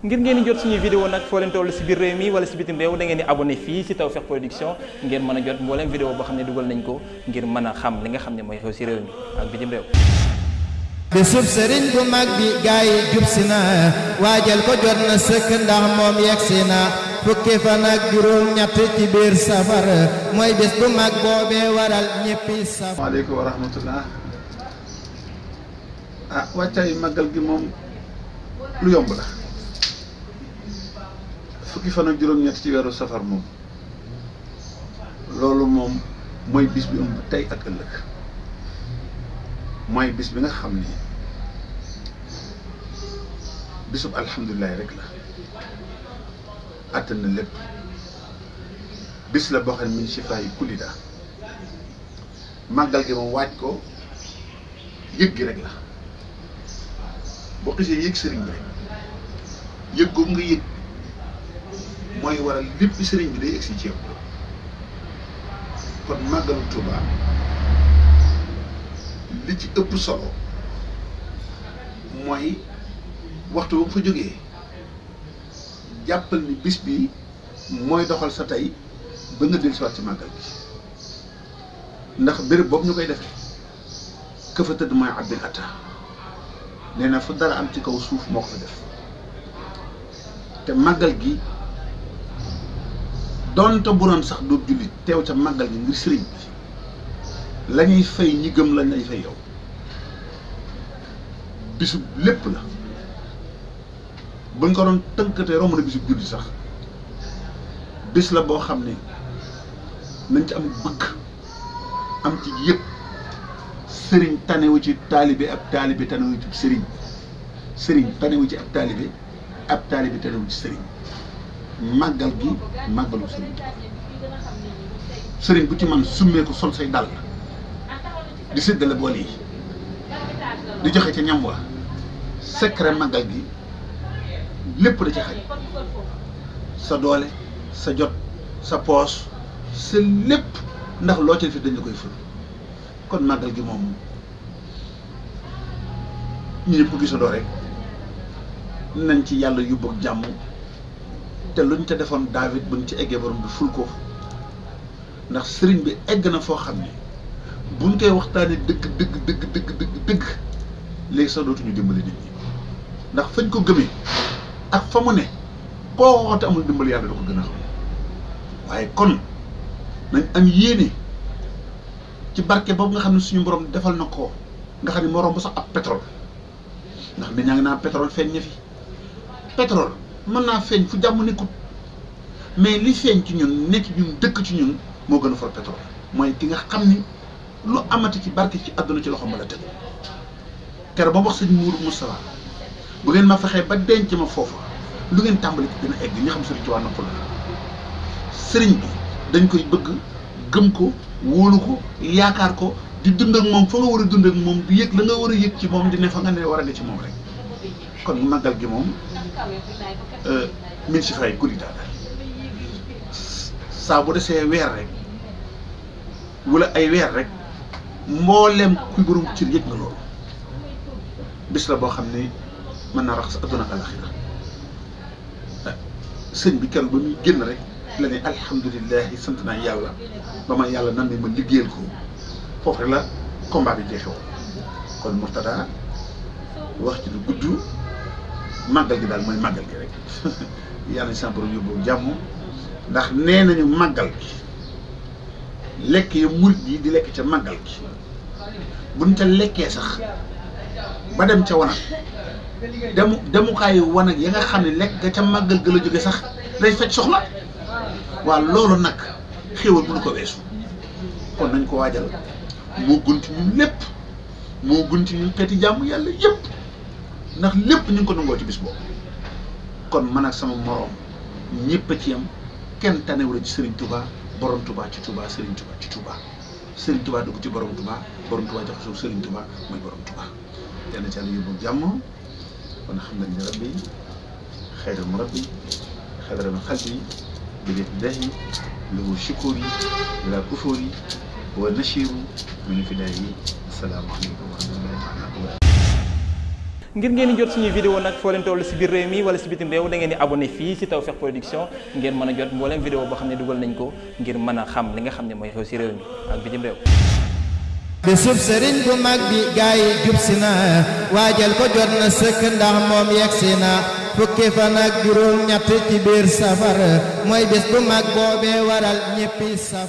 ngir ngeen di jot suñuy vidéo nag foo leen si biir réew mi wala si bitim réew da ngeen di abonné fii si Tawfekh Production ngeen mën a jot mbooleem vidéo boo xam ne dugal nañ ko ngir mën a xam li nga xam ne mooy xew si réew mi ak bitim réew bi sëriñ bu mag bi gaay yi jub si na waajal ko jot na sëkk ndax moom yegg na fukki fan ak juróom ñett ci biir safar mooy bés bu mag boobee waral ñëppi safar waaleykum wa rahmatullah ah wàccaay màggal gi moom lu yomb la fukki fan ak juróom-ñett ci weeru safar moom loolu moom mooy bis bi ëmb tey ak ëllëg mooy bis bi nga xam ni bisu alhamdulilah rek la àttan na lépp bis la boo xam ne min shifaay màggal gi moom waaj ko yëg gi rek la boo gisee yëg sëriñ bi rek yëg googu nga yëg. mooy waral lépp sëriñ bi day egsi ci yow kon màggalu Touba li ci ëpp solo mooy waxtu bu fa jógee jàppal ni bis bi mooy doxal sa tey ba nga dellusiwaat ci màggal bi ndax bërëb boobu ñu koy defee këf fa tëdd mooy abdil atta nee na fu dara am ci kaw suuf moo ko fa def te màggal gi donte bu doon sax doo jullit teew ca màggal gi ngir sëriñ bi la fay ñi gëm lañ lay fay yow bisu lépp la buñ ko doon tënkatee romb na bisub jullit sax bis la boo xam ne nañ ci amul bëgg am ci yëpp sëriñ tanewu ci taalibe ab taalibe tanewu ci sëriñ sëriñ tanewu ci ab taalibe ab taalibe tanewu ci sëriñ màggal gi màggalu sëriñ bu ci man summeeku sol say dàll di séddale bool yi di joxe ca ñam wa secret màggal gi lépp da ci xaj sa doole sa jot sa poos sa lépp ndax loo ci fi dañu koy ful kon màggal gi moom ñu ñëpp ko gisandoo rek nañ ci yàlla yu ak jàmm te luñ ca defoon David buñ ci eggee borom bi ful ko ndax sëriñ bi egg na foo xam ne buñ koy waxtaanee dëgg dëgg dëgg dëgg dëgg dëgg léegi sax dootuñu dimbali nit ñi ndax fañ ko gëmee ak fa mu ne koo xoote amul dimbal yàlla da ko gën a xam waaye kon nañ am yéene ci barke boobu nga xam ne suñu borom defal na ko nga xam ne moo romb sax ab pétrole ndax nit ñaa ngi naan petrol feeñ ña fi pétrole. mën naa feeñ fu jàmm nekkut mais li feeñ ci ñun nekk ñun dëkk ci ñun moo gën a for mooy ki nga xam ni lu amati ci barke ci àdduna ci loxoom la tëdd kere ba wax sëñ muur Moustapha bu ngeen ma fexee ba denc ma foofu lu ngeen tàmbali ko dina egg ñu xam sëriñ ci wàllu nopp la sëriñ bi dañ koy bëgg gëm ko wóolu ko yaakaar ko di dund ak moom fa nga war a dund ak moom di yëg la nga war a yëg ci moom di ne fa nga ne war a nga ci moom rek kon màggal gi moom. Euh, mille si fay desee weer rek wala ay weer rek mboolem kuy borom cër yëg loolu bis la boo xam ne mën na rax sa adduna ak alaxira ah, sëñ bi kan ba muy génn rek la ne alhamdulilah sant naa yàlla ba ma yàlla nan ne ma liggéeyal ko foofu rek la combat bi jeexewoon kon Mourtada wax ci lu gudd. màggal gi daal mooy màggal gi rek yàlla si borom yóbbu jàmm ndax nee nañu màggal gi lekk ya murit yi di lekk ca màggal gi buñ ca lekkee sax ba dem ca wanag demu demukaayu wanag ya nga xam ne lekk nga ca màggal ga la jóge sax day faj soxla waa loolu nag xéewal mënu ko weesu kon nañ ko waajal moo gunti ñun lépp moo gunti ñun xeeti jàmm yàlla yépp ndax lépp ñu ngi ko nangoo ci bis boobu kon mën ak sama moroom ñëpp a ci yam kenn tanewul ci Serigne tubaa borom Touba ci tubaa Serigne Touba ci tubaa Serigne Touba dugg ci borom tubaa borom Touba jox suuf Serigne tubaa muy borom Touba. yal na ci yàlla yóbbu jàmm kon xam nañ ne rabbi xayral mu rabbi xayral mu xalbi bi leen dahi lahu shukuri bila kufuri wa nashiru min fidayi asalaamaaleykum wa rahmatullahi taala ngir ngeen di jot suñuy vidéo nag foo leen toll si biir réew mi wala si bitim réew da di abonné fii si Tawfekh Production ngeen mën a jot mbooleem vidéo boo xam ne dugal nañ ko ngir mën a xam li nga xam ne mooy xew si réew mi ak bitim réew bésub sëriñ bu mag bi gaa yi jub si na waajal ko jot na sëkk ndax moom yegg na fukki fan ak juróom ñett ci biir safar mooy bés bu mag boobee waral ñëppi safar